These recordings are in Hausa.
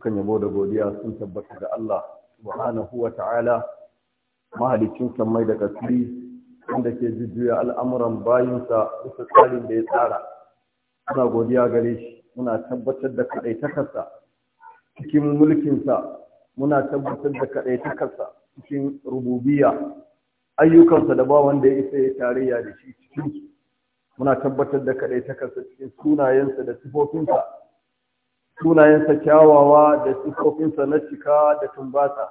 dukkan yabo da godiya sun tabbata ga Allah subhanahu wa ta'ala mahalicin sammai da kasiri wanda ke jujjuya al'amuran bayinsa bisa tsarin da ya tsara ana godiya gare shi muna tabbatar da kaɗaitakarsa cikin mulkinsa muna tabbatar da kaɗaitakarsa cikin rububiya ayyukansa da ba wanda ya isa ya tarayya da shi cikin muna tabbatar da kaɗaitakarsa cikin sunayensa da sifofinsa sunayensa kyawawa da sifofinsa na cika da tumbata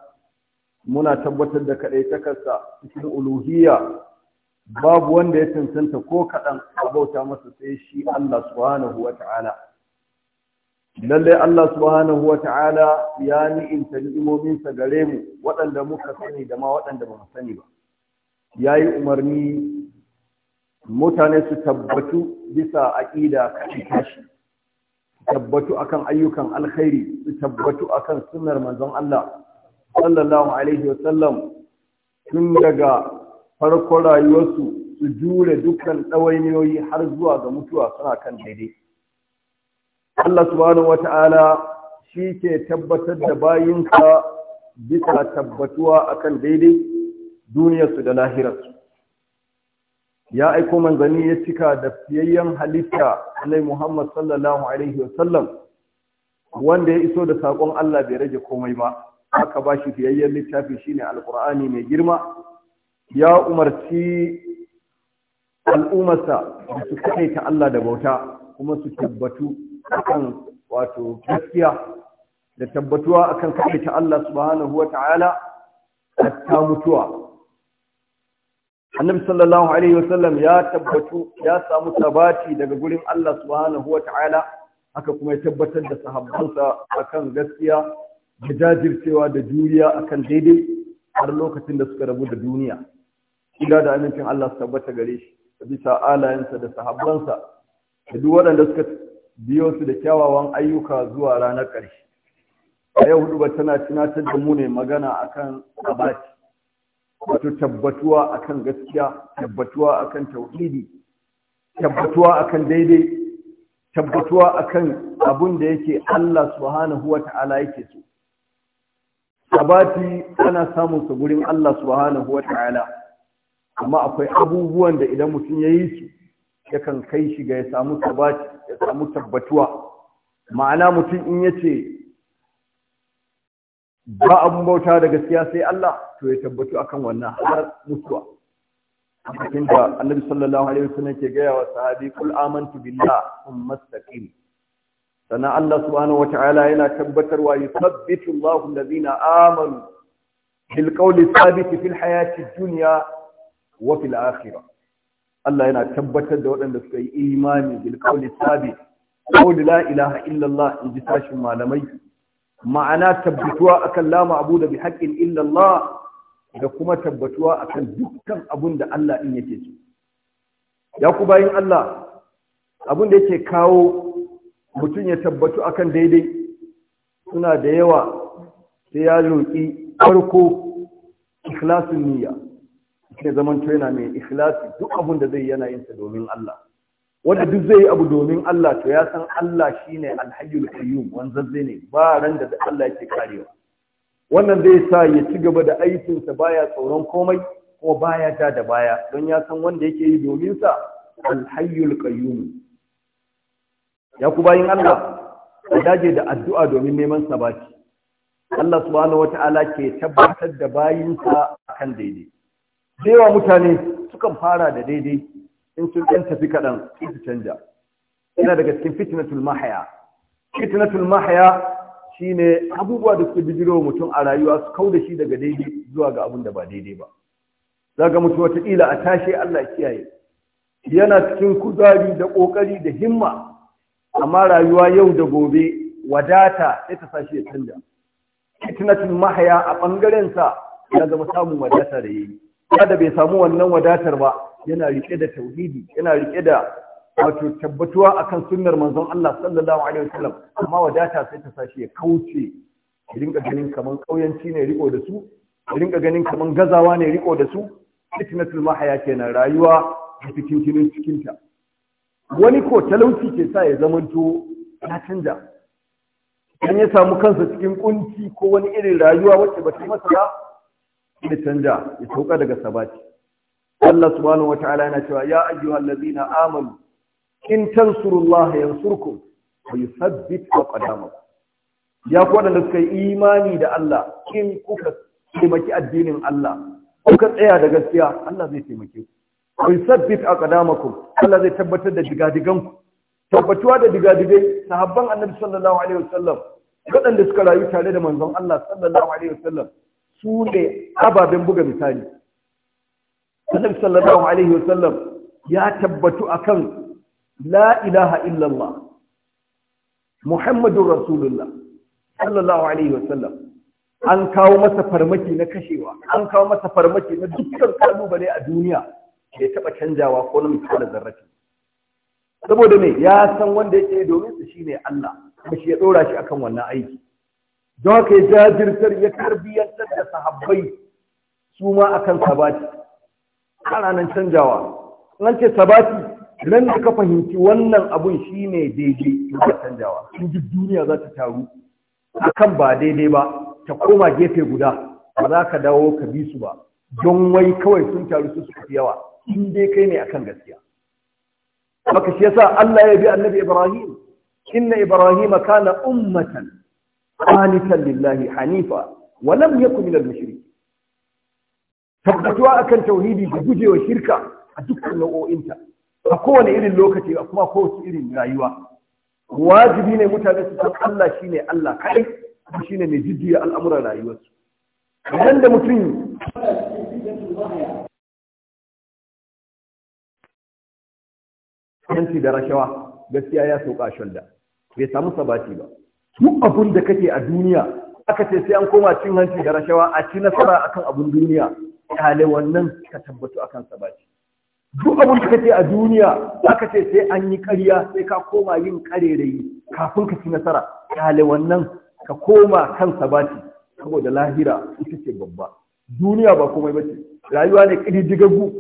muna tabbatar da kaɗai takasa cikin uluhiyya babu wanda ya cancanta ko kaɗan a masa sai shi Allah subhanahu wa ta'ala lallai Allah subhanahu wa ta'ala ya ni'imta ni'imominsa gare mu waɗanda muka sani da ma waɗanda ba mu sani ba ya yi umarni mutane su tabbatu bisa aƙida kashi kashi tabbatu akan ayyukan alkhairi su tabbatu akan sunnar manzon Allah sallallahu alaihi wa sallam tun daga farko rayuwarsu su jure dukkan dawainiyoyi har zuwa ga mutuwa suna kan daidai Allah subhanahu wata'ala shi ke tabbatar da ka bisa tabbatuwa akan daidai duniyarsu da lahirarsu ya aiko manzanni ya cika da fiyayyen halitta na Muhammad sallallahu alaihi wasallam wanda ya iso da saƙon Allah bai rage komai ba aka ba shi fiyayyen littafi shine Alkur'ani mai girma ya umarci al'ummarsa da su ta Allah da bauta kuma su tabbatu akan wato gaskiya da tabbatuwa akan ta Allah subhanahu wa ta'ala ta mutuwa annabi sallallahu alaihi wasallam ya tabbatu ya samu sabati daga gurin Allah subhanahu wata'ala haka kuma ya tabbatar da sahabbansa akan gaskiya da jajircewa da juriya akan daidai har lokacin da suka rabu da duniya ila da amincin Allah su tabbata gare shi bisa alayensa da sahabbansa da duk waɗanda suka biyo su da kyawawan ayyuka zuwa ranar ƙarshe a yau hudu tana tunatar da mu ne magana akan sabati wato tabbatuwa akan gaskiya tabbatuwa akan tauhidi tabbatuwa kan daidai tabbatuwa akan abin da yake Allah subhanahu wata'ala yake so sabati ana samun su gurin Allah subhanahu wata'ala amma akwai abubuwan da idan mutum ya yi su yakan kai shi ga ya samu sabati ya samu tabbatuwa ma'ana mutum in yace ba abun bauta da gaskiya sai Allah to ya tabbatu akan wannan har mutuwa cikin da annabi sallallahu alaihi wasallam ke gaya wa sahabi kul amantu billah thumma istaqim sannan Allah subhanahu wataala yana tabbatarwa yuthabbitu Allahu allazina amanu bil qawli thabit fil hayati dunya wa fil akhirah Allah yana tabbatar da waɗanda suka yi imani bil qawli thabit qawli la ilaha illa Allah in ji tashin malamai ma'ana tabbatuwa akan la ma'budu bi haqqin illa Allah da kuma tabbatuwa akan dukkan abun da Allah din yake so ya ku bayin Allah abun da yake kawo mutum ya tabbatu akan daidai suna da yawa sai ya roƙi farko ikhlasin niyya ne zaman to yana mai ikhlasi duk abun da zai yana yin sa domin Allah wanda duk zai yi abu domin Allah to ya san Allah shine alhayyul qayyum wanzazze ne ba ran da Allah yake karewa wannan zai sa ya ci gaba da aikinsa baya tsoron komai ko baya ta da baya don ya san wanda yake yi domin sa alhayyul qayyum ya ku bayin Allah a daje da addu'a domin neman sabati Allah subhanahu wata'ala ke tabbatar da bayinsa akan daidai Dewa mutane sukan fara da daidai in sun ɗan tafi kaɗan su canja yana daga cikin fitnatul mahaya fitnatul mahaya shine abubuwa da suke bijiro mutum a rayuwa su kau da shi daga daidai zuwa ga abin da ba daidai ba za ga mutum wataƙila a tashe Allah kiyaye yana cikin kuzari da ƙoƙari da himma amma rayuwa yau da gobe wadata sai ta sashi ya canja fitnatul mahaya a ɓangarensa ya zama samun wadata da yayi da bai samu wannan wadatar ba yana rike da tauhidi yana riƙe da wato tabbatuwa akan sunnar manzon Allah sallallahu alaihi wasallam amma wadata sai ta sashi ya kauce ya rinka ganin kaman kauyanci ne riko da su ya rinka ganin kaman gazawa ne riko da su fitnatul mahaya kenan rayuwa a cikin cikin cikin ta wani ko talauci ke sa ya zamanto ya canja Dan ya samu kansa cikin kunci ko wani irin rayuwa wacce ba ta masa ba ya canja ya sauka daga sabati Allah subhanahu ta’ala yana cewa ya ayyuhal ladina amanu in tansurullaha yansurkum wa yuthabbit aqdamakum ya ku wadanda suka yi imani da Allah in kuka taimaki addinin Allah kuka tsaya da gaskiya Allah zai taimake ku wa yuthabbit aqdamakum Allah zai tabbatar da ku. tabbatuwa da digadigai sahabban Annabi sallallahu alaihi wasallam waɗanda suka rayu tare da manzon Allah sallallahu alaihi wasallam su ne ababen buga misali annabi sallallahu alaihi ya tabbatu akan la ilaha illallah muhammadur rasulullah sallallahu alaihi an kawo masa farmaki na kashewa an kawo masa farmaki na dukkan kalubale a duniya ke taba taɓa canjawa ko na da zarrafi saboda me ya san wanda yake domin su shine Allah kuma shi ya ɗora shi akan wannan aiki don haka ya jajirtar ya tarbiyyantar da sahabbai su ma akan sabati ana nan canjawa nan ce sabati nan da ka fahimci wannan abun shi ne daidai ba canjawa sun ji duniya za ta taru akan ba daidai ba ta koma gefe guda ba za ka dawo ka bi su ba don wai kawai sun taru su suka fi yawa in dai kai ne akan gaskiya maka shi yasa Allah ya bi annabi Ibrahim inna Ibrahim kana ummatan qanitan lillahi hanifa wa lam yakun minal mushrikin tabbatuwa akan tauhidi da gujewa shirka a dukkan nau'o'inta a kowane irin lokaci a kuma kowace irin rayuwa wajibi ne mutane su san Allah shine Allah kai kuma shine mai jijjiya al'amuran rayuwarsu idan da mutum yanci da rashawa gaskiya ya sauka shanda bai samu sabati ba Su abun da kake a duniya aka ce sai an koma cin hanci da rashawa a ci nasara akan abun duniya kyale wannan ka tabbatu akan sa baki duk abin da kace a duniya za ka ce sai an yi ƙarya sai ka koma yin ƙarerayi kafin ka ci nasara kyale wannan ka koma kan sabati saboda lahira ita ce babba duniya ba komai ba ce rayuwa ne ƙididdigaggu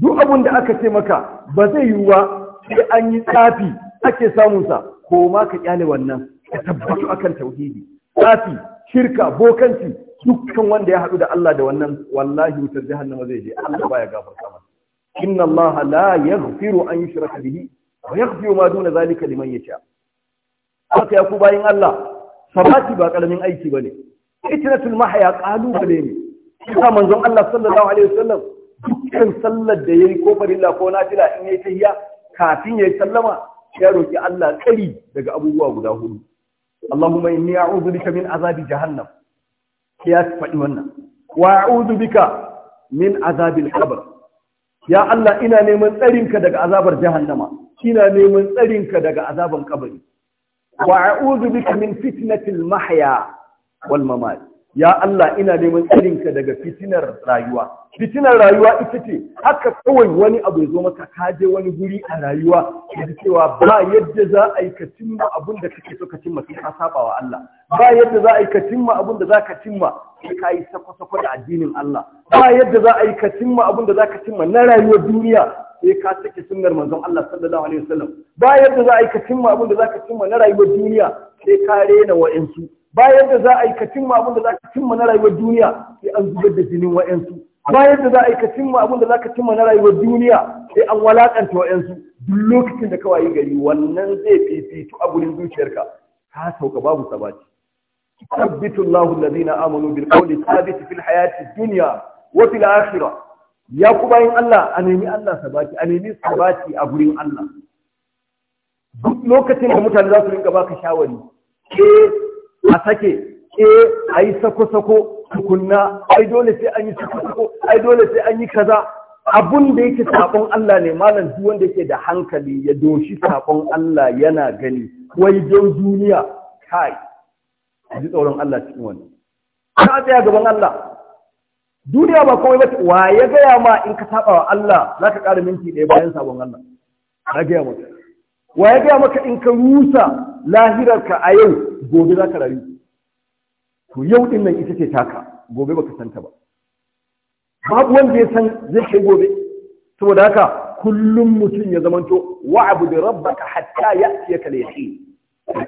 duk abin da aka ce maka ba zai yi wa sai an yi tsafi ake samunsa ko ka kyale wannan ka tabbatu akan tauhidi tsafi shirka bokanci dukkan wanda ya haɗu da Allah da wannan wallahi wutar jahannama zai je Allah baya gafarta masa inna Allah la yaghfiru an yushraka bihi wa yaghfiru ma duna zalika liman yasha haka ya ku bayin Allah sabati ba karamin aiki bane fitnatul mahya qalubale ne kuma manzon Allah sallallahu alaihi wasallam dukkan sallar da yayi ko farilla ko nafila in yayi tahiyya kafin yayi sallama ya roki Allah tsari daga abubuwa guda hudu Allahumma inni a'udhu bika min azabi jahannam ya faɗi wannan wa a'udhu bika min azabil qabr ya Allah ina neman tsarinka daga azabar jahannama ina neman tsarinka daga azaban kabari wa a'udhu bika min fitnatil mahya wal mamat ya Allah ina neman irinka daga fitinar rayuwa fitinar rayuwa ita ce haka kawai wani abu ya zo maka ka je wani guri a rayuwa da cewa ba yadda za a yi ka cimma abin da kake so ka cimma sai ka saba wa Allah ba yadda za a yi ka cimma abin da za ka cimma sai ka yi sako-sako da addinin Allah ba yadda za a yi ka cimma abin da za ka cimma na rayuwar duniya sai ka sake sunnar manzon Allah sallallahu alaihi wasallam ba yadda za a yi ka cimma abin da za ka cimma na rayuwar duniya sai ka rena wa'insu bayan da za a yi ka cimma abin da za ka cimma na rayuwar duniya sai an zubar da jinin wa'yansu bayan da za a yi ka cimma abin da za ka cimma na rayuwar duniya sai an walakanta wa'yansu duk lokacin da ka gari wannan zai fifito a gurin zuciyarka ka sauka babu sabati ثبت الله الذين امنوا بالقول الثابت في الحياه الدنيا وفي الاخره يا كوباين الله انمي الله ثباتي انمي ثباتي a gurin Allah duk lokacin da mutane za su rinka baka shawari ke eh, a sake ke eh, a yi sako-sako tukunna ai dole sai an yi sako-sako ai dole sai an yi kaza abun da yake sakon Allah ne malam duk wanda yake da hankali ya doshi sakon Allah yana gani wai don duniya kai a ji tsoron Allah cikin wani ka tsaya gaban Allah duniya ba kawai ba wa ya gaya ma in ka saba wa Allah za ka ƙara minti ɗaya bayan sabon Allah ka gaya maka wa ya gaya maka in ka rusa lahirarka a yau gobe za ka rayu to yau din nan ita ce taka gobe baka santa ba babu wanda ya san zai kai gobe saboda haka kullum mutum ya zamanto abu da rabbaka hatta ya'tiyaka al-yaqin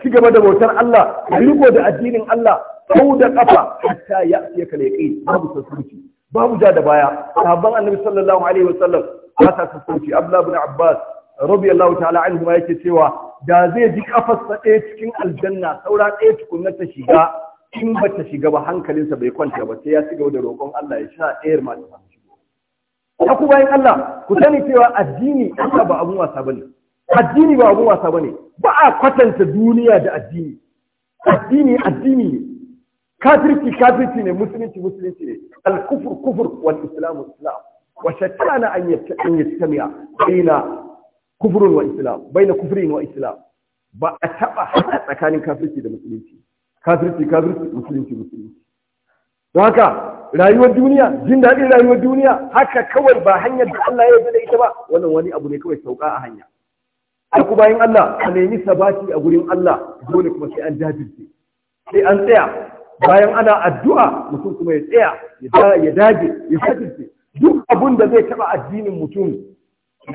ci gaba da bautar Allah riko da addinin Allah sau da kafa hatta ya'tiyaka al-yaqin babu sassauci babu ja da baya sabon annabi sallallahu alaihi wasallam ba ta sassauci Abdullahi ibn abbas radiyallahu ta'ala anhu yake cewa da zai ji kafarsa ɗaya cikin aljanna saura ɗaya tukunna ta shiga in ba ta shiga ba hankalinsa bai kwanta ba sai ya shiga gaba da roƙon Allah ya sha ɗayar ma ta shigo. Ya ku bayan Allah ku sani cewa addini Allah ba abun wasa ba ne. Addini ba abun wasa bane. Ba a kwatanta duniya da addini. Addini addini ne. Kafirci kafirci ne musulunci musulunci ne. Al-kufur kufur wal islamu islam. Wa na an yastamiya baina Kufurin wa islam baina kufurin wa islam ba a tsakanin kafirci da musulunci kafirci kafirci musulunci musulunci don haka rayuwar duniya jin daɗin rayuwar duniya haka kawai ba hanyar da Allah ya zana ita ba wannan wani abu ne kawai sauka a hanya aku bayan Allah a nemi sabati a gurin Allah dole kuma sai an jajirce sai an tsaya bayan ana addu'a mutum kuma ya tsaya ya dage ya jajirce duk abun da zai taɓa addinin mutum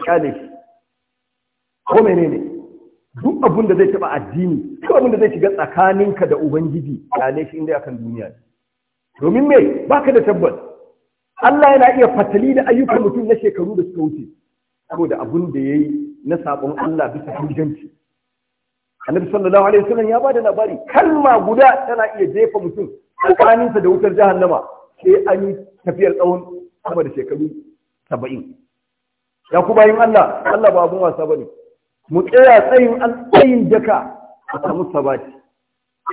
ya shi ko menene duk abin da zai taba addini duk abin da zai shiga tsakaninka da ubangiji ne shi inda akan duniya ne domin me baka da tabbas Allah yana iya fatali da ayyukan mutum na shekaru da suka wuce saboda abin da ya yi na sabon Allah bisa hujjanci Annabi sallallahu alaihi wasallam ya bada labari kalma guda tana iya jefa mutum tsakaninsa da wutar jahannama sai an yi tafiyar tsawon sama da shekaru saba'in ya ku bayin Allah Allah ba abun wasa ba ne. mu tsaya tsayin an tsayin a samu sabati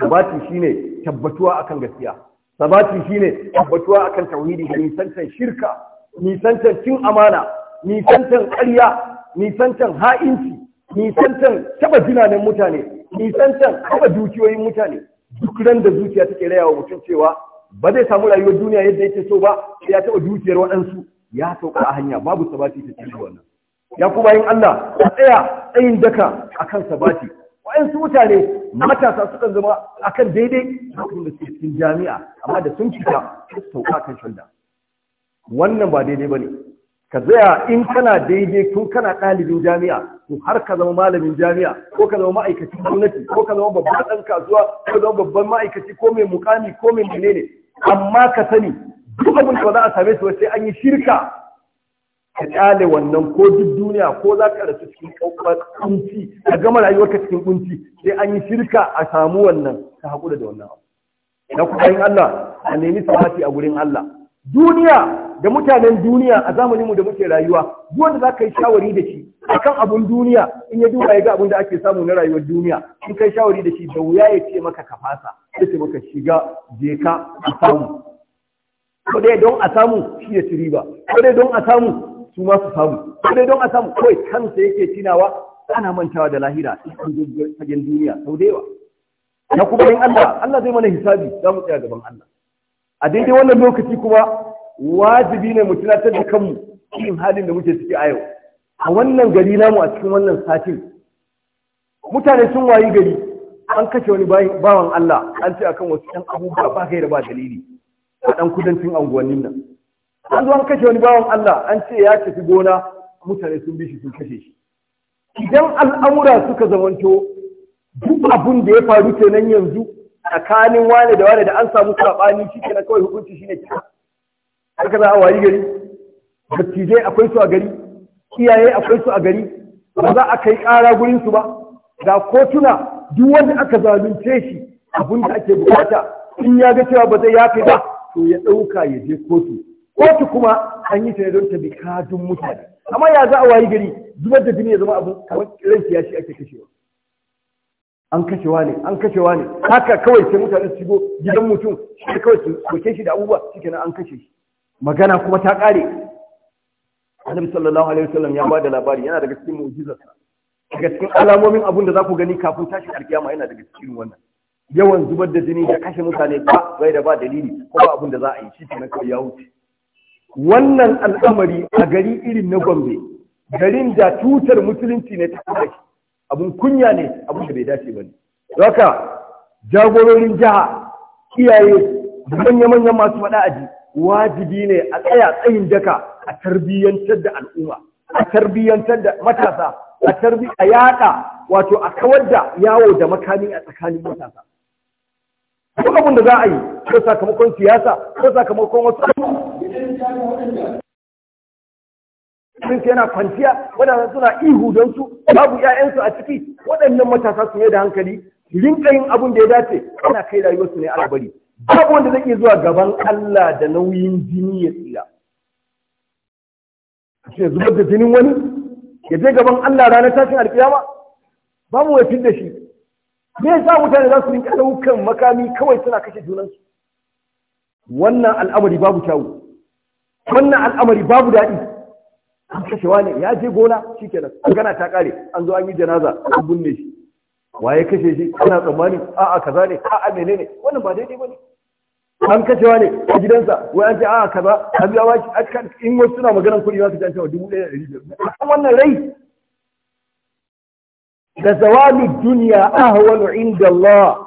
sabati shine tabbatuwa akan gaskiya sabati shine tabbatuwa akan tauhidi da nisantan shirka nisantan cin amana nisantan ƙarya nisantan ha'inci nisantan taba jinanen mutane nisantan taba dukiyoyin mutane duk ran da zuciya take raya wa mutum cewa ba zai samu rayuwar duniya yadda yake so ba sai ya taba dukiyar waɗansu ya sauka a hanya babu sabati ta cikin wannan ya kuma yin Allah a tsaya tsayin daka a kan sabati wayansu mutane matasa suka zama a kan daidai lokacin da cikin jami'a amma da sun fita su sauka kan shanda wannan ba daidai ba ne. ka tsaya in kana daidai tun kana ɗalibin jami'a to har ka zama malamin jami'a ko ka zama ma'aikacin gwamnati ko ka zama babban ɗan kasuwa ko ka zama babban ma'aikaci ko mai mukami ko mai menene amma ka sani duk abin da za a same su sai an yi shirka ka kyale wannan ko duk duniya ko za ka rasu cikin kunci ka gama rayuwarka cikin kunci sai an yi shirka a samu wannan ka haƙura da wannan abu na kuɗin Allah a nemi sabati a wurin Allah duniya da mutanen duniya a zamanin mu da muke rayuwa duk wanda za ka yi shawari da shi akan abun duniya in ya duba ya ga abun da ake samu na rayuwar duniya in kai shawari da shi da wuya ya ce maka ka fasa ya ce maka shiga je ka a samu ko dai don a samu shi ya ci riba ko dai don a samu su ma su samu dai don a samu kawai kansa yake tinawa ana mantawa da lahira cikin fagen duniya sau da yawa na kuma yin Allah Allah zai mana hisabi za mu tsaya gaban Allah a daidai wannan lokaci kuma wajibi ne mu tunatar da kanmu cikin halin da muke ciki a yau a wannan gari namu a cikin wannan satin mutane sun wayi gari an kashe wani bawan Allah an ce akan wasu ɗan abubuwa ba kai da ba dalili a ɗan kudancin anguwannin nan an zo an kashe wani bawan Allah an ce ya tafi gona mutane sun bi shi sun kashe shi idan al'amura suka zamanto duk abin da ya faru kenan yanzu tsakanin wane da wane da an samu saɓani shi kenan kawai hukunci shine kika har ka za a wayi gari dattijai akwai su a gari iyaye akwai su a gari ba za a kai ƙara gurin su ba ga kotuna duk wanda aka zalunce shi abun da ake bukata in ya ga cewa ba zai yafe ba to ya ɗauka ya je kotu kotu kuma an yi ta ne don ta bi kadun mutane amma ya za a wayi gari zubar da jini ya zama abu kamar ran shi ake kashewa an kashewa ne an kashewa ne haka kawai sai mutane su shigo gidan mutum shi kawai su soke shi da abubuwa shike nan an kashe shi magana kuma ta kare Annabi sallallahu alaihi wasallam ya bada labari yana daga cikin mu'jizarsa daga cikin alamomin abun da za ku gani kafin tashin alkiyama yana daga cikin wannan yawan zubar da jini da kashe mutane ba bai da ba dalili ko ba abun da za a yi shi kenan kawai ya wuce wannan al'amari a gari irin na gombe garin da tutar musulunci ne ta kare abun kunya ne abun da bai dace ba ne haka jagororin jiha iyaye manya-manyan masu faɗa aji wajibi ne a tsaya tsayin daka a tarbiyyantar da al'umma a tarbiyyantar da matasa a tarbi a yaɗa wato a kawar da yawo da makami a tsakanin matasa duk abin da za a yi ko sakamakon siyasa ko sakamakon wasu sun yana kwanciya waɗanda suna ihu don su babu 'ya'yansu a ciki waɗannan matasa su da hankali rinka yin abin da ya dace ana kai rayuwarsu ne alabari babu wanda zai iya zuwa gaban Allah da nauyin jini ya tsira shi zubar da jinin wani ya je gaban Allah ranar tashin alkiyama Babu mai wafin da shi me yasa mutane za su rinka ɗaukan makami kawai suna kashe junansu wannan al'amari babu kyawu wannan al'amari babu daɗi an kashe wani ya je gona shikenan gana ta kare an zo an yi janaza an binne shi waye kashe shi ana tsammani a'a kaza ne a'a menene wannan ba daidai bane an kashewa ne a gidansa wai an ce a kaza an biya shi in wasu suna maganar kuɗi za su janta wa dubu ɗaya da ɗari biyar wannan rai da zawalin duniya ahwalu inda Allah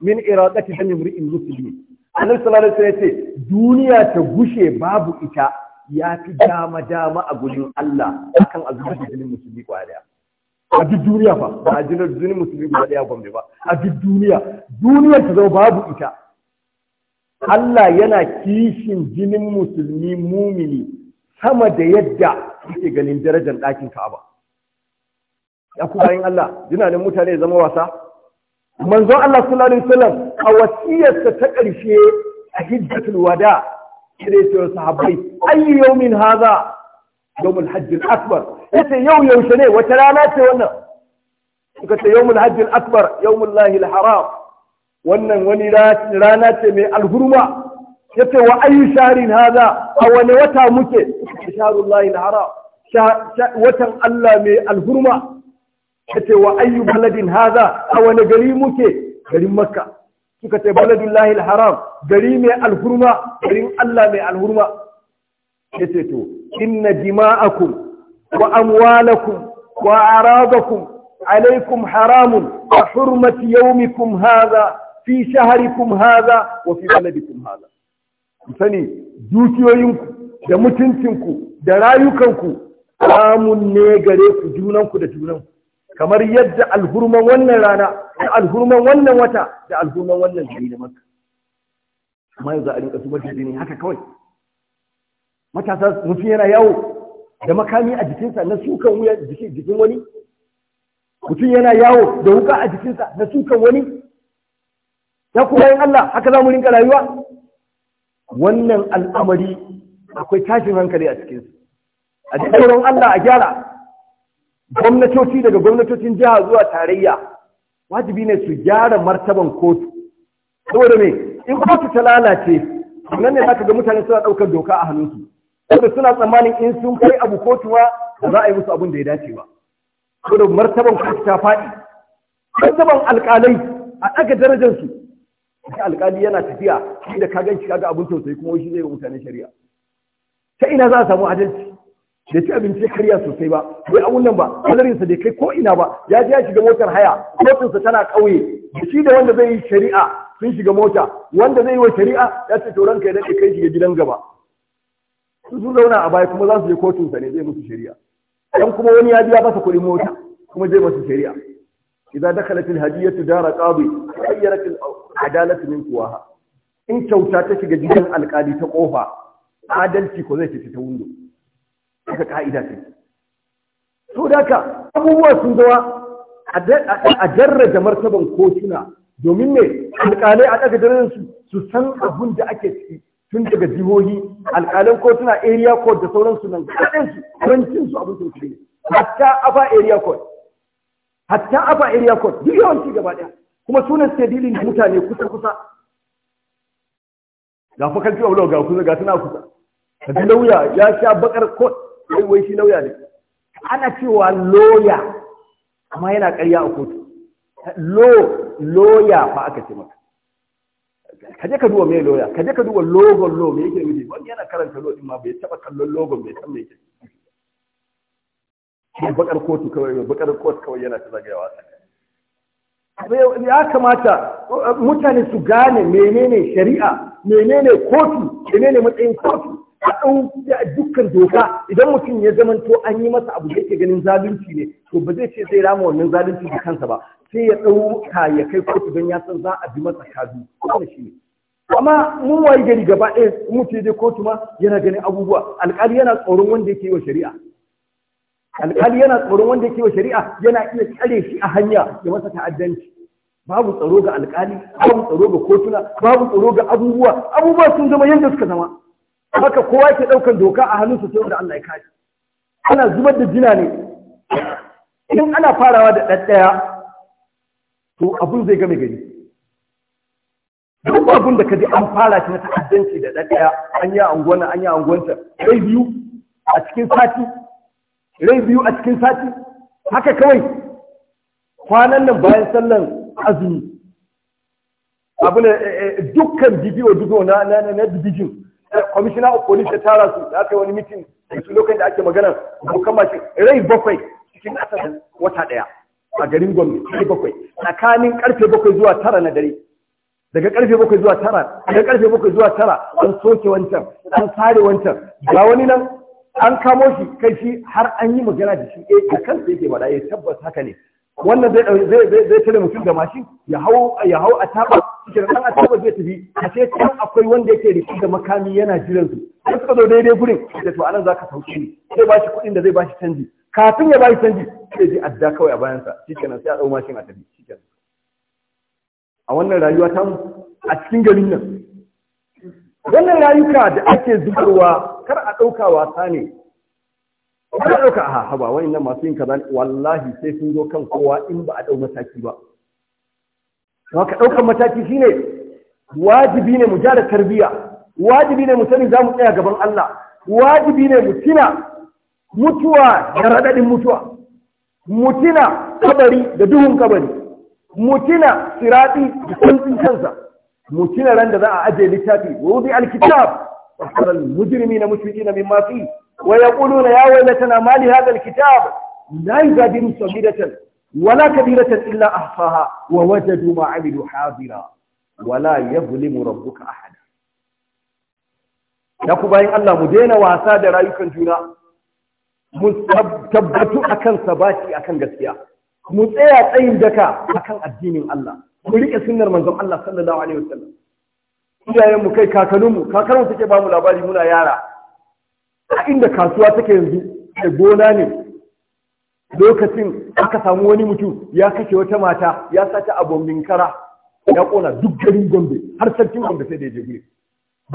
min iradati dan imri'in muslimin annabi sallallahu alaihi wasallam yace duniya ta gushe babu ita ya fi dama dama a gurin Allah akan azubar da jinin musulmi kwaya a duk duniya fa ba a jinar jinin musulmi ba daya gombe ba a duk duniya duniyar ta zama babu ita Allah yana kishin jinin musulmi mumini sama da yadda yake ganin darajar ɗakin Ka'aba ya ku bayin Allah yana nan mutane zama wasa manzon Allah sallallahu alaihi wasallam a wasiyarsa ta ƙarshe a hijjatul wada sai ya sahabbai ayi yawmin hadha yawmul hajj al-akbar yace yau yaushe ne wata rana ce wannan suka ce yawmul hajj al-akbar yawmul lahi haram wannan wani rana ce mai alhurma yace wa ayi shahrin hadha a wani wata muke shahrullahi al-haram watan Allah mai alhurma yace wa ayyu baladin haza a wani gari muke garin makka suka ce baladullahi haram gari mai alhurma garin Allah mai alhurma yace to inna dima'akum wa amwalakum wa aradakum alaikum haramun a hurmati yaumikum haza fi shaharikum haza wa fi baladikum haza sani dukiyoyinku da mutuncinku da rayukanku haramun ne gare ku junanku da junanku kamar yadda alhurman wannan rana da alhurman wannan wata da alhurman wannan gari da maka amma yanzu a rinka su da jini haka kawai matasa mutum yana yawo da makami a jikinsa na sukan wuya jikin wani mutum yana yawo da wuka a jikinsa na sukan wani ya kuma yin Allah haka za mu rinka rayuwa wannan al'amari akwai tashin hankali a cikinsa a jikin Allah a gyara gwamnatoci daga gwamnatocin jiha zuwa tarayya wajibi ne su gyara martaban kotu saboda me in kotu ta lalace nan ne zaka ga mutane suna ɗaukar doka a hannunsu saboda suna tsammanin in sun kai abu kotuwa ba za a yi musu abin da ya dace ba saboda martaban kotu ta faɗi martaban alƙalai a ɗaga darajarsu sai alƙali yana tafiya inda ka ganci kaga abin tausayi kuma shi zai wa mutane shari'a ta ina za a samu adalci da ci abinci karya sosai ba bai abun nan ba sa da kai ko ina ba ya je ya shiga motar haya sa tana kauye da shi da wanda zai yi shari'a sun shiga mota wanda zai yi wa shari'a ya ce to ranka ya daɗe kai shiga gidan gaba su sun zauna a baya kuma za su je kotun sa ne zai musu shari'a dan kuma wani ya biya masa kuɗin mota kuma zai musu shari'a idza dakhalat al dara qadi ayyarat al min kuwaha in kyauta ta shiga gidan alƙali ta kofa adalci ko zai fita ta wundo aka ka'ida ce so da haka abubuwa sun zawa a jarraja martaban kotuna domin ne alƙalai a ɗaga darajarsu su san abun da ake ciki tun daga jihohi alƙalan kotuna area code da sauransu nan kaɗansu yawancin su abin sun ne hatta afa area code hatta afa area code duk yawanci gaba ɗaya kuma sunan suke dilin mutane kusa kusa ga fakalti a law ga kusa ga tana kusa ka ji lauya ya sha bakar kot. wai wai shi lauya ne ana cewa loya amma yana karya a kotu lo loya ba aka ce maka ka je ka duba mai loya ka je ka duba logon lo me yake nufi wani yana karanta lo din ma bai taba kallon logon bai san me yake shi bakar kotu kawai bakar kotu kawai yana ta zagayawa ya kamata mutane su gane menene shari'a menene kotu menene matsayin kotu a ɗauki dukkan doka idan mutum ya zamanto an yi masa abu da yake ganin zalunci ne to ba zai ce zai rama wannan zalunci da kansa ba sai ya ɗauka ya kai kotu don ya san za a bi masa kazu wannan shi ne amma mun wayi gari gaba ɗaya mutum ya je kotu ma yana ganin abubuwa alƙali yana tsoron wanda yake yi wa shari'a alƙali yana tsoron wanda yake wa shari'a yana iya tsare shi a hanya ya masa ta'addanci babu tsaro ga alƙali babu tsaro ga kotuna babu tsaro ga abubuwa abubuwa sun zama yadda suka zama haka kowa ke ɗaukan doka a hannunsa sai wanda Allah ya kare ana zubar da jina ne in ana farawa da ɗaɗɗaya to abun zai game gari duk abun da ka ji an fara shi na ta'addanci da ɗaɗɗaya an yi angwana an yi angwanta rai biyu a cikin sati rai biyu a cikin sati haka kawai kwanan nan bayan sallan azumi abu ne dukkan bidiyo duk na na na commissioner of police ya tara su da aka yi wani mitin da su lokacin da ake magana ko kama shi rai bakwai cikin asabar wata ɗaya a garin Gombe rai bakwai tsakanin karfe bakwai zuwa tara na dare daga karfe bakwai zuwa tara daga karfe bakwai zuwa tara an soke wancan an sare wancan ga wani nan an kamo shi kai shi har an yi magana da shi eh a sai ke faɗa ya eh, tabbas haka ne wannan zai zai zai tare mutum da mashin ya hau ya hau a taba cikin dan a taba zai tafi a ce kan akwai wanda yake riki da makami yana jiran su sai suka zo daidai gurin da to anan zaka sauke ni zai bashi kuɗin da zai bashi canji kafin ya ba shi canji sai ji adda kawai a bayan sa shikenan sai a dau mashin a tafi shikenan a wannan rayuwa ta mu a cikin garin nan wannan rayuka da ake zubarwa kar a ɗauka wasa ne ba ɗauka a haba wani nan masu yin kaza wallahi sai sun zo kan kowa in ba a ɗau mataki ba ka ɗaukan mataki shine wajibi ne mu ja da tarbiyya wajibi ne mu sani za mu tsaya gaban Allah wajibi ne mu tina mutuwa da raɗaɗin mutuwa mu tina kabari da duhun kabari mu tina siraɗi da kuntsin kansa mu tina ran da za a ajiye littafi wuzi wudi alkitab wa tara na ina na fihi ويقولون يا ويلتنا ما لهذا الكتاب لا يبادر صغيرة ولا كبيرة إلا أحصاها ووجدوا ما عملوا حاضرا ولا يظلم ربك أحدا ya ku bayan Allah mu daina wasa da rayukan juna mu tabbatu akan sabati akan gaskiya mu tsaya tsayin daka akan addinin Allah mu rike sunnar manzon Allah sallallahu alaihi wasallam iyayen mu kai kakannin mu suke labari muna yara a inda kasuwa take yanzu a gona ne lokacin aka samu wani mutum ya kashe wata mata ya sata a bombin kara ya kona duk garin gombe har sarkin gombe sai da ya je gure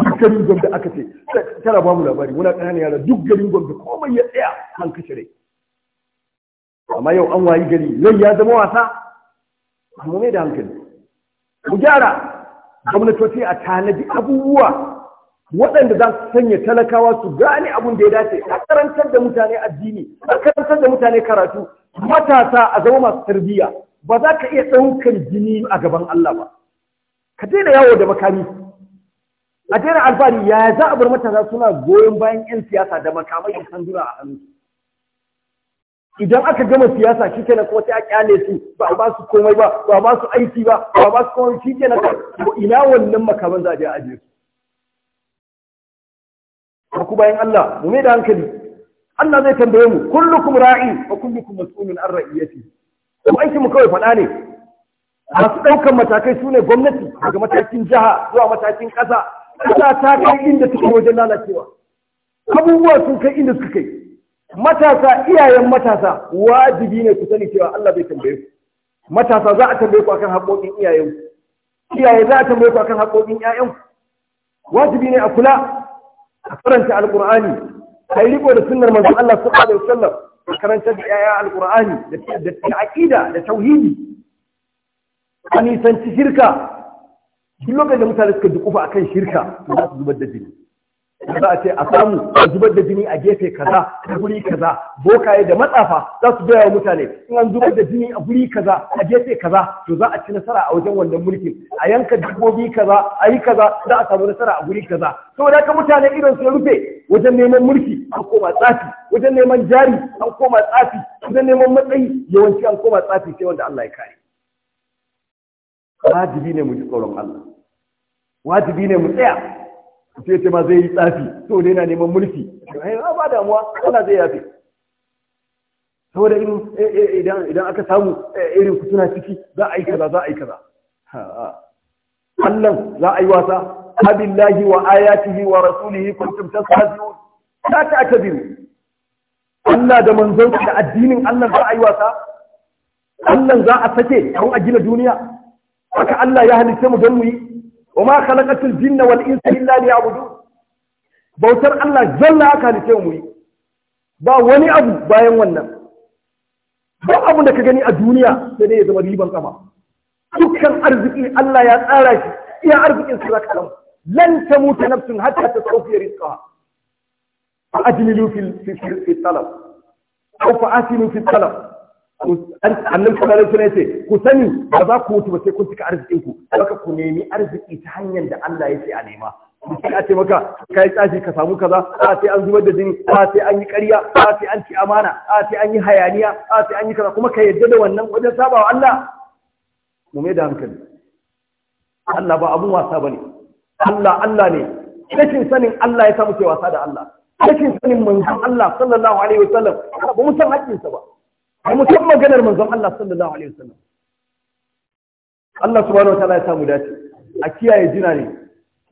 duk garin gombe aka ce tara ba mu labari muna ƙananan yara duk garin gombe komai ya tsaya an kashe rai amma yau an wayi gari Lai ya zama wasa amma mai da hankali mu gyara gwamnatoci a tanadi abubuwa waɗanda za su sanya talakawa su gane abin da ya dace a karantar da mutane addini a karantar da mutane karatu matasa a zama masu tarbiyya ba za ka iya ɗaukar jini a gaban Allah ba ka daina yawo da makami a daina alfahari yaya za a bar matasa suna goyon bayan 'yan siyasa da makamai da sanduna a hannu idan aka gama siyasa shi kenan kuma sai a kyale su ba a ba su komai ba ba ba su aiki ba ba a ba su komai shi kenan ina wannan makaman za a je a ajiye su ku bayan Allah mu mai da hankali Allah zai tambaye mu kullukum ra'i wa kullukum mas'ulun an ra'iyati ko aiki mu kawai faɗa ne masu ɗaukan matakai sune gwamnati daga matakin jiha zuwa matakin ƙasa kasa ta kai inda suke wajen lalacewa abubuwa sun kai inda suka kai matasa iyayen matasa wajibi ne ku sani cewa Allah zai tambaye ku matasa za a tambaye ku akan haƙoƙin iyayen iyaye za a tambaye ku akan haƙoƙin ƴaƴan wajibi ne a kula a karanta alkur'ani a yi riko da sunnar manzon Allah sallallahu alaihi wasallam a karanta da yaya alkur'ani da aƙida da tauhidi a nisanci shirka duk lokacin da mutane suka dukufa akan shirka za su zubar da jini za a ce a samu a zubar da jini a gefe kaza a guri kaza bokaye da matsafa za su gaya wa mutane in an zubar da jini a guri kaza a gefe kaza to za a ci nasara a wajen wannan mulkin a yanka dabbobi kaza a yi kaza za a samu nasara a guri kaza saboda ka mutane irin su rufe wajen neman mulki an koma tsafi wajen neman jari an koma tsafi wajen neman matsayi yawanci an koma tsafi sai wanda Allah ya kare wajibi ne mu ji tsoron Allah wajibi ne mu tsaya sai ce ma zai yi tsafi to ne yana neman mulki ai ba damuwa kana zai yafe saboda eh, eh, idan idan aka samu eh, irin ku suna ciki za a yi kaza za a yi kaza Allah za a yi wasa abillahi wa ayatihi wa rasulihi kuntum tastahzi'un la ta'tabiru Allah da manzon da addinin Allah za a yi wasa Allah za a sake don a gina duniya haka Allah ya halitta mu don mu yi wa ma khalaqatul jinna wal insa a liya'budun bautar Allah jalla aka halice mu yi ba wani abu bayan wannan ba abun da ka gani a duniya sai dai ya zama riban kafa dukkan arziki Allah ya tsara shi iya arzikin su zaka lamu lan tamuta nafsun hatta tasawfi rizqaha fa ajmilu fil fi talab aw fa asilu fi talab annan kamar sun ce ku sani ba za ku mutu ba sai kun cika arzikin ku haka ku nemi arziki ta hanyar da Allah ya ce a nema sai a ce maka kai tsafi ka samu kaza a sai an zubar da jini a sai an yi ƙarya a sai an ci amana a sai an yi hayaniya a sai an yi kaza kuma ka yarda da wannan wajen sabawa Allah mu mai da hankali Allah ba abun wasa bane Allah Allah ne rashin sanin Allah ya samu ke wasa da Allah rashin sanin manzon Allah sallallahu alaihi wasallam ba mu san haƙƙinsa ba a mutum maganar manzon Allah sallallahu alaihi wasallam Allah subhanahu wa ta'ala ya samu dace a kiyaye jina ne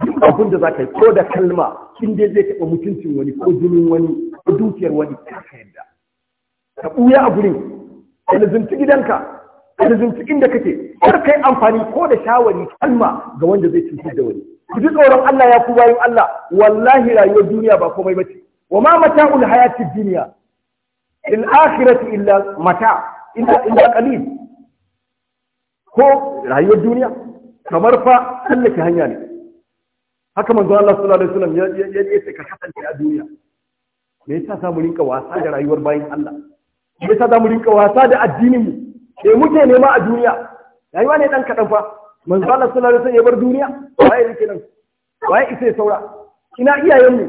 duk abin da zaka ko da kalma in dai zai taɓa mutuncin wani ko jinin wani ko dukiyar wani ka yadda ka ɓuya a gurin ka nazunci gidanka ka nazunci inda kake kar yi amfani ko da shawari kalma ga wanda zai cutar da wani ku ji tsoron Allah ya ku bayin Allah wallahi rayuwar duniya ba komai ba ce. wa ma mata'ul hayatid duniya in illa mata inda illa ko rayuwar duniya kamar fa tallafi hanya ne haka manzo Allah sallallahu alaihi wasallam ya ya ce ka kasance a duniya me yasa za mu rinka wasa da rayuwar bayin Allah me yasa za mu rinka wasa da addinin mu me muke nema a duniya rayuwa ne dan kadan fa manzo Allah sallallahu alaihi wasallam ya bar duniya waye yake nan waye isa saura ina iyayen mu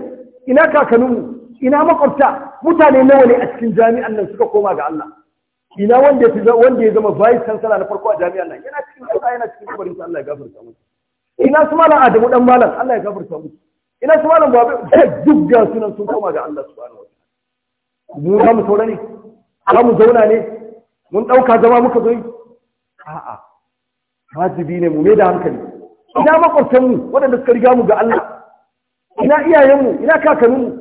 ina kakannin mu ina makwabta mutane nawa ne a cikin jami'an nan suka koma ga Allah ina wanda ya zama vice chancellor na farko a jami'an nan yana cikin kasa yana cikin kabarin Allah ya gafarta mutu. ina su malam Adamu dan malam Allah ya gafarta mutu. ina su malam babu duk ga sunan sun koma ga Allah subhanahu wa mu za mu saura ne za mu zauna ne mun dauka zama muka zo a'a wajibi ne mu mai da hankali ina makwabtan waɗanda suka riga mu ga Allah ina iyayenmu? ina kakannin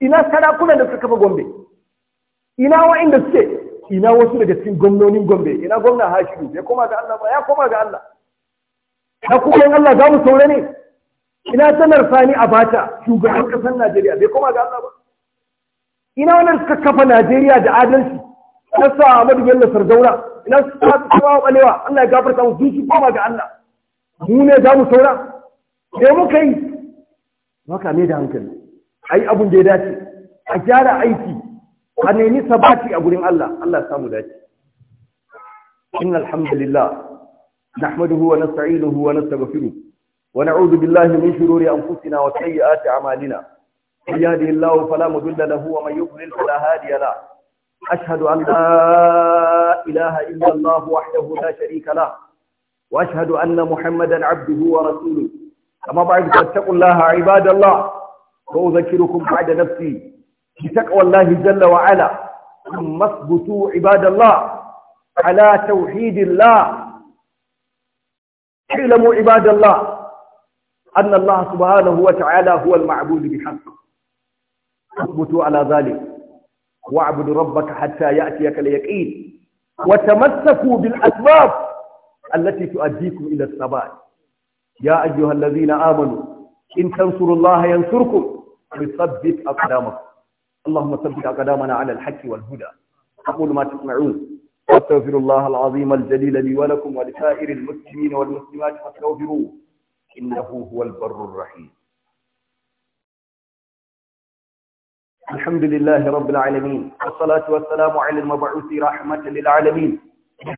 ina sarakunan da suka kafa gombe ina wa'inda suke ina wasu daga cikin gwamnonin gombe ina gwamna hashiru bai koma ga Allah ba ya koma ga Allah na kuma Allah za mu saura ne ina sanar sani Bata shugaban kasar Najeriya bai koma ga Allah ba ina wannan suka kafa Najeriya da adalci na sa Ahmadu Bello sardaura ina su ta kawo balewa Allah ya gafarta mu su koma ga Allah mu ne za mu saura sai muka yi maka ne da hankali a yi abin da ya dace a gyara aiki a nemi sabati a gurin Allah Allah samu dace inna alhamdulillah nahmaduhu wa nasta'inuhu wa nastaghfiruh wa na'udhu billahi min shururi anfusina wa sayyiati a'malina may yahdihillahu fala mudilla lahu wa may yudlil fala hadiya lahu ashhadu an la ilaha illa allah wahdahu la sharika lahu wa ashhadu anna muhammadan 'abduhu wa rasuluh amma ba'd fattaqullaha 'ibadallah وأذكركم بعد نفسي بتقوى الله جل وعلا ثم اثبتوا عباد الله على توحيد الله اعلموا عباد الله أن الله سبحانه وتعالى هو المعبود بحق اثبتوا على ذلك واعبدوا ربك حتى يأتيك اليقين وتمسكوا بالأسباب التي تؤديكم إلى الثبات يا أيها الذين آمنوا إن تنصروا الله ينصركم ويثبت أقدامكم اللهم ثبت أقدامنا على الحق والهدى أقول ما تسمعون واستغفر الله العظيم الجليل لي ولكم ولسائر المسلمين والمسلمات فاستغفروه إنه هو البر الرحيم الحمد لله رب العالمين والصلاة والسلام على المبعوث رحمة للعالمين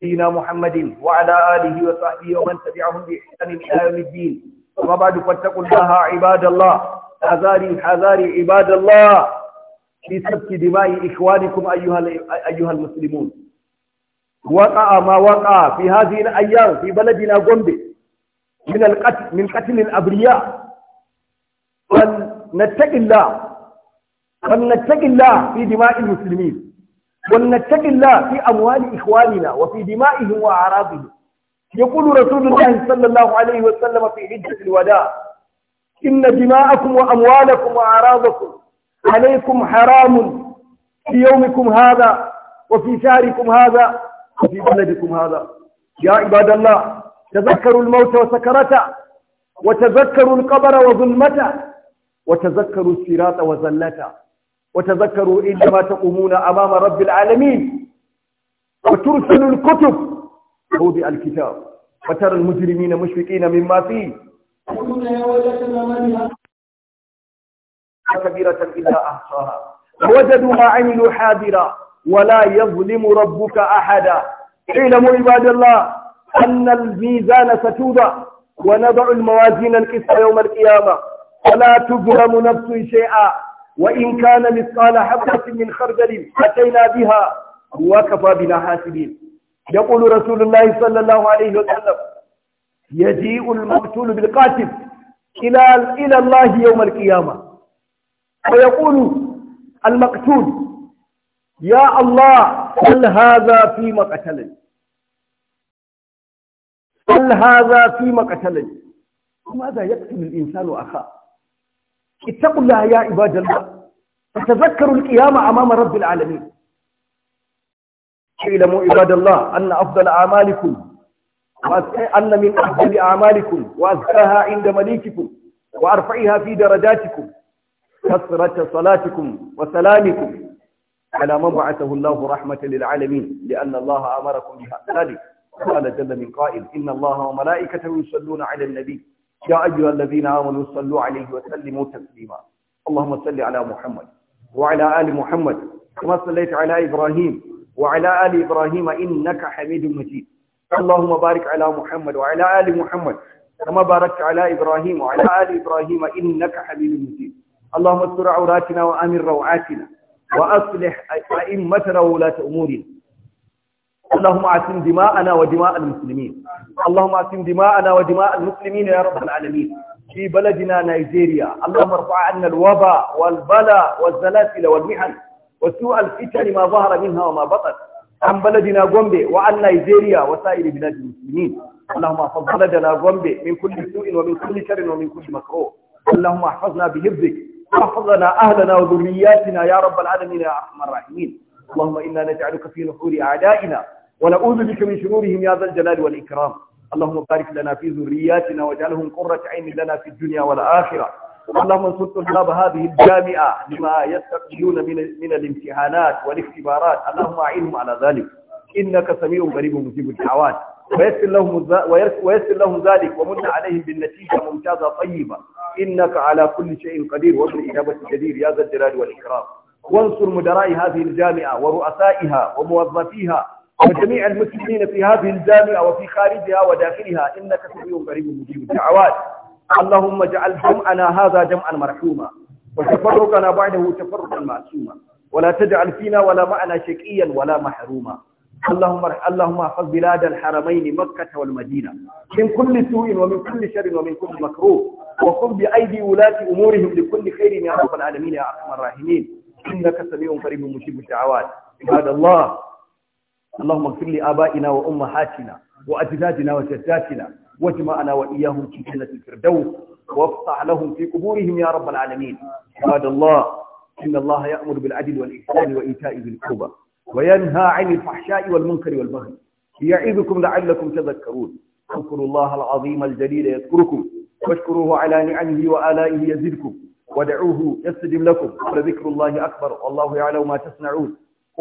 سيدنا محمد وعلى آله وصحبه ومن تبعهم بإحسان إلى يوم الدين وما بعد فاتقوا الله عباد الله حذاري حذاري عباد الله في سبك دماء إخوانكم أيها, أيها المسلمون وقع ما وقع في هذه الأيام في بلدنا غومبي من القتل من قتل الأبرياء فلنتق الله فلنتق الله في دماء المسلمين ولنتق الله في أموال إخواننا وفي دمائهم وأعراضهم يقول رسول الله صلى الله عليه وسلم في حجة الوداع إن دماءكم وأموالكم وأعراضكم عليكم حرام في يومكم هذا وفي شهركم هذا وفي بلدكم هذا يا عباد الله تذكروا الموت وسكرته وتذكروا القبر وظلمته وتذكروا الصراط وزلته وتذكروا عندما تقومون أمام رب العالمين وترسل الكتب موضع الكتاب وترى المجرمين مشفقين مما فيه كبيرة إلا أحصاها وجدوا ما عملوا حاضرا ولا يظلم ربك أحدا اعلموا عباد الله أن الميزان ستوضع ونضع الموازين القسط يوم القيامة فلا تظلم نفس شيئا وإن كان مثقال حبة من خردل أتينا بها وكفى بنا حاسبين يقول رسول الله صلى الله عليه وسلم يجيء المقتول بالقاتل إلى إلى الله يوم القيامة ويقول المقتول يا الله هل هذا فيما قتلني هل هذا فيما قتلني وماذا يقتل الإنسان أخاه اتقوا الله يا عباد الله فتذكروا القيامة أمام رب العالمين ilmu ibadallah anna afdal a'malikum wa anna min afdal a'malikum wa azkaha inda malikikum wa arfa'iha fi darajatikum kasrat salatikum wa salamikum ala man ba'athahu Allah rahmatan lil alamin li anna Allah amarakum biha thalik qala min qa'il inna Allah wa malaikatahu yusalluna 'ala nabi ya ayyuha alladhina amanu sallu 'alayhi wa sallimu taslima اللهم صل على محمد وعلى ال محمد كما صليت على ابراهيم وعلى آل إبراهيم إنك حميد مجيد اللهم بارك على محمد وعلى آل محمد كما باركت على إبراهيم وعلى آل إبراهيم إنك حميد مجيد اللهم استر عوراتنا وآمن روعاتنا وأصلح أئمتنا وولاة أمورنا اللهم اعتم دماءنا ودماء المسلمين اللهم اعتم دماءنا ودماء المسلمين يا رب العالمين في بلدنا نيجيريا اللهم ارفع عنا الوباء والبلاء والزلازل والمحن وسوء الفتن ما ظهر منها وما بطن عن بلدنا غومبي وعن نيجيريا وسائر بلاد المسلمين اللهم احفظ بلدنا غومبي من كل سوء ومن كل شر ومن كل مكروه اللهم احفظنا بحفظك واحفظنا اهلنا وذرياتنا يا رب العالمين يا ارحم الراحمين اللهم انا نجعلك في نحور اعدائنا ونعوذ بك من شرورهم يا ذا الجلال والاكرام اللهم بارك لنا في ذرياتنا واجعلهم قرة عين لنا في الدنيا والاخره اللهم انصر طلاب هذه الجامعة لما يستقبلون من من الامتحانات والاختبارات اللهم أعينهم على ذلك إنك سميع قريب مجيب الدعوات ويسر لهم ويسر لهم ذلك ومن عليهم بالنتيجة ممتازة طيبة إنك على كل شيء قدير وبالإجابة جدير يا ذا الجلال والإكرام وانصر مدراء هذه الجامعة ورؤسائها وموظفيها وجميع المسلمين في هذه الجامعة وفي خارجها وداخلها إنك سميع قريب مجيب الدعوات اللهم اجعل جمعنا هذا جمعا مرحوما وتفرقنا بعده تفرقا معصوما ولا تجعل فينا ولا معنا شقيا ولا محروما اللهم اللهم احفظ بلاد الحرمين مكة والمدينة من كل سوء ومن كل شر ومن كل مكروه وخذ بأيدي ولاة أمورهم لكل خير يا رب العالمين يا أرحم الراحمين إنك سميع قريب مجيب الدعوات عباد الله اللهم اغفر لآبائنا وأمهاتنا وأجدادنا وجداتنا واجمعنا وإياهم في جنة الفردوس وافتح لهم في قبورهم يا رب العالمين عباد الله إن الله يأمر بالعدل والإحسان وإيتاء ذي القربى وينهى عن الفحشاء والمنكر والبغي يعيذكم لعلكم تذكرون اذكروا الله العظيم الجليل يذكركم واشكروه على نعمه وآلائه يزدكم ودعوه يستجب لكم ولذكر الله أكبر والله يعلم ما تصنعون